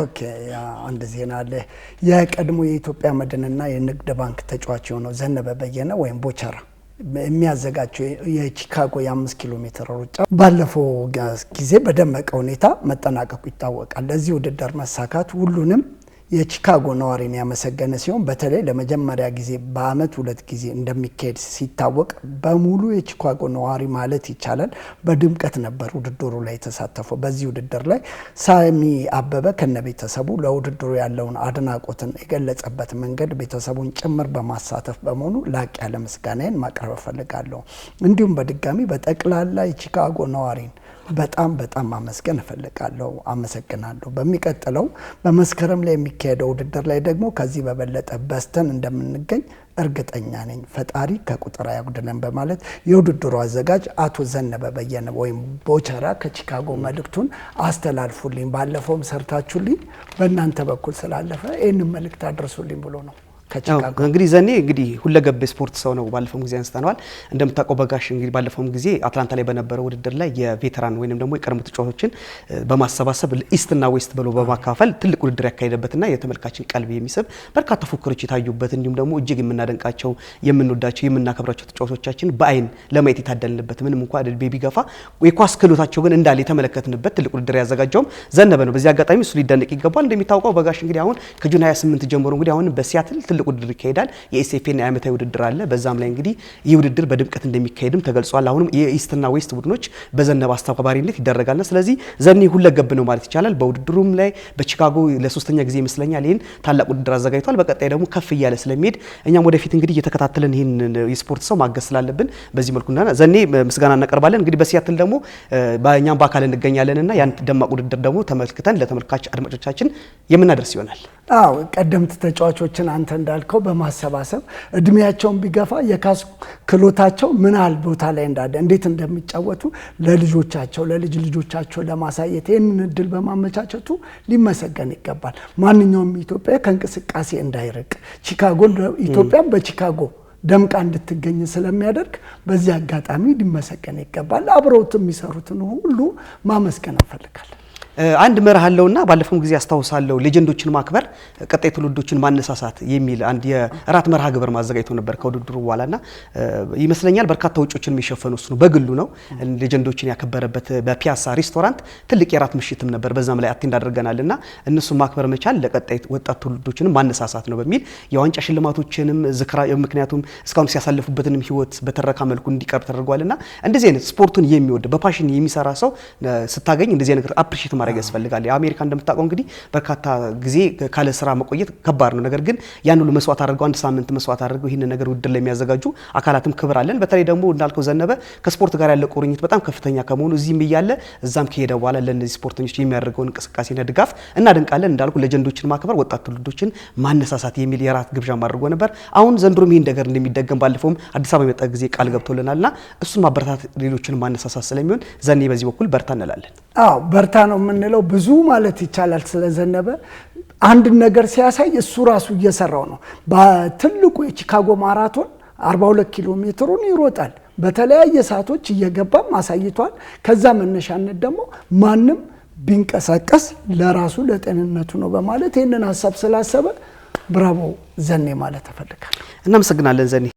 ኦኬ አንድ ዜና አለ። የቀድሞ የኢትዮጵያ መድንና የንግድ ባንክ ተጫዋች የሆነው ዘነበ በየነ ወይም ቦቸራ የሚያዘጋጀው የቺካጎ የአምስት ኪሎ ሜትር ሩጫ ባለፈው ጊዜ በደመቀ ሁኔታ መጠናቀቁ ይታወቃል። ለዚህ ውድድር መሳካት ሁሉንም የቺካጎ ነዋሪን ያመሰገነ ሲሆን በተለይ ለመጀመሪያ ጊዜ በዓመት ሁለት ጊዜ እንደሚካሄድ ሲታወቅ በሙሉ የቺካጎ ነዋሪ ማለት ይቻላል በድምቀት ነበር ውድድሩ ላይ የተሳተፈው። በዚህ ውድድር ላይ ሳሚ አበበ ከነቤተሰቡ ለውድድሩ ያለውን አድናቆትን የገለጸበት መንገድ ቤተሰቡን ጭምር በማሳተፍ በመሆኑ ላቅ ያለ ምስጋናዬን ማቅረብ እፈልጋለሁ። እንዲሁም በድጋሚ በጠቅላላ የቺካጎ ነዋሪን በጣም በጣም ማመስገን እፈልጋለሁ። አመሰግናለሁ። በሚቀጥለው በመስከረም ላይ የሚ በሚካሄደው ውድድር ላይ ደግሞ ከዚህ በበለጠ በስተን እንደምንገኝ እርግጠኛ ነኝ። ፈጣሪ ከቁጥር አያጉድለን በማለት የውድድሩ አዘጋጅ አቶ ዘነበ በየነ ወይም ቦቸራ ከቺካጎ መልእክቱን አስተላልፉልኝ፣ ባለፈውም ሰርታችሁልኝ በእናንተ በኩል ስላለፈ ይህንን መልእክት አድርሱልኝ ብሎ ነው። ከቺካጎ እንግዲህ ዘኔ እንግዲህ ሁለገብ ስፖርት ሰው ነው። ባለፈው ጊዜ አንስተነዋል። እንደምታውቀው በጋሽ እንግዲህ ባለፈው ጊዜ አትላንታ ላይ በነበረው ውድድር ላይ የቬተራን ወይንም ደግሞ የቀድሞ ተጫዋቾችን በማሰባሰብ ኢስትና ዌስት ብሎ በማካፈል ትልቅ ውድድር ያካሄደበትና የተመልካችን ቀልብ የሚስብ በርካታ ፉክክሮች የታዩበት እንዲሁም ደግሞ እጅግ የምናደንቃቸው የምንወዳቸው የምናከብራቸው ተጫዋቾቻችን በአይን ለማየት የታደልንበት ምንም እንኳ እድል ቢገፋ የኳስ ክህሎታቸው ግን እንዳለ የተመለከትንበት ትልቅ ውድድር ያዘጋጀውም ዘነበ ነው። በዚህ አጋጣሚ እሱ ሊደነቅ ይገባል። እንደሚታወቀው በጋሽ እንግዲህ አሁን ከጁን 28 ጀምሮ እንግዲህ አሁን በሲያትል ትልቅ ትልቅ ውድድር ይካሄዳል። የኤስኤፍኤና የዓመታዊ ውድድር አለ። በዛም ላይ እንግዲህ ይህ ውድድር በድምቀት እንደሚካሄድም ተገልጿል። አሁንም የኢስትና ዌስት ቡድኖች በዘነበ አስተባባሪነት ይደረጋልና ስለዚህ ዘኔ ሁለገብ ነው ማለት ይቻላል። በውድድሩም ላይ በቺካጎ ለሶስተኛ ጊዜ ይመስለኛል ይህን ታላቅ ውድድር አዘጋጅቷል። በቀጣይ ደግሞ ከፍ እያለ ስለሚሄድ እኛም ወደፊት እንግዲህ እየተከታተለን ይህን የስፖርት ሰው ማገዝ ስላለብን በዚህ መልኩ ዘኔ ምስጋና እናቀርባለን። እንግዲህ በሲያትል ደግሞ እኛም በአካል እንገኛለን እና ያን ደማቅ ውድድር ደግሞ ተመልክተን ለተመልካች አድማጮቻችን የምናደርስ ይሆናል። አዎ ቀደምት ተጫዋቾችን አንተ እንዳ እንዳልከው በማሰባሰብ እድሜያቸውን ቢገፋ የካስ ክሎታቸው ምን ያህል ቦታ ላይ እንዳለ እንዴት እንደሚጫወቱ ለልጆቻቸው ለልጅ ልጆቻቸው ለማሳየት ይህንን እድል በማመቻቸቱ ሊመሰገን ይገባል። ማንኛውም ኢትዮጵያ ከእንቅስቃሴ እንዳይርቅ ቺካጎ ኢትዮጵያ በቺካጎ ደምቃ እንድትገኝ ስለሚያደርግ በዚህ አጋጣሚ ሊመሰገን ይገባል። አብረውት የሚሰሩትን ሁሉ ማመስገን እንፈልጋለን። አንድ መርህ አለውና ባለፈው ጊዜ አስታውሳለሁ ሌጀንዶችን ማክበር ቀጣይ ትውልዶችን ማነሳሳት የሚል አንድ የእራት መርሃ ግብር ማዘጋጅቶ ነበር ከውድድሩ በኋላና ይመስለኛል በርካታ ወጪዎችን የሚሸፈኑ እሱ ነው በግሉ ነው ሌጀንዶችን ያከበረበት በፒያሳ ሬስቶራንት ትልቅ የራት ምሽትም ነበር በዛም ላይ አቴንድ አድርገናልና እነሱን ማክበር መቻል ለቀጣይ ወጣት ትውልዶችን ማነሳሳት ነው በሚል የዋንጫ ሽልማቶችንም ዝክራ ምክንያቱም እስካሁን ሲያሳልፉበትንም ህይወት በተረካ መልኩ እንዲቀርብ ተደርጓልና እንደዚህ አይነት ስፖርቱን የሚወድ በፓሽን የሚሰራ ሰው ስታገኝ እንደዚህ አይነት አፕሪሽት ማድረግ ያስፈልጋል። አሜሪካ እንደምታውቀው እንግዲህ በርካታ ጊዜ ካለ ስራ መቆየት ከባድ ነው። ነገር ግን ያን ሁሉ መስዋዕት አድርገው አንድ ሳምንት መስዋዕት አድርገው ይህንን ነገር ውድድር ለሚያዘጋጁ አካላትም ክብር አለን። በተለይ ደግሞ እንዳልከው ዘነበ ከስፖርት ጋር ያለ ቁርኝት በጣም ከፍተኛ ከመሆኑ እዚህም እያለ እዛም ከሄደ በኋላ ለእነዚህ ስፖርተኞች የሚያደርገውን እንቅስቃሴና ድጋፍ እናደንቃለን። እንዳልኩ ለጀንዶችን ማክበር፣ ወጣት ትውልዶችን ማነሳሳት የሚል የራት ግብዣ አድርጎ ነበር። አሁን ዘንድሮም ይህን ነገር እንደሚደገም ባለፈውም አዲስ አበባ የመጣ ጊዜ ቃል ገብቶልናልና እሱን ማበረታት ሌሎችን ማነሳሳት ስለሚሆን ዘኔ በዚህ በኩል በርታ እንላለን። አዎ በርታ ነው። የምንለው ብዙ ማለት ይቻላል ስለዘነበ አንድን ነገር ሲያሳይ እሱ ራሱ እየሰራው ነው። በትልቁ የቺካጎ ማራቶን 42 ኪሎ ሜትሩን ይሮጣል። በተለያየ ሰዓቶች እየገባም አሳይቷል። ከዛ መነሻነት ደግሞ ማንም ቢንቀሳቀስ ለራሱ ለጤንነቱ ነው በማለት ይህንን ሀሳብ ስላሰበ ብራቮ ዘኔ ማለት እፈልጋለሁ። እናመሰግናለን ዘኔ።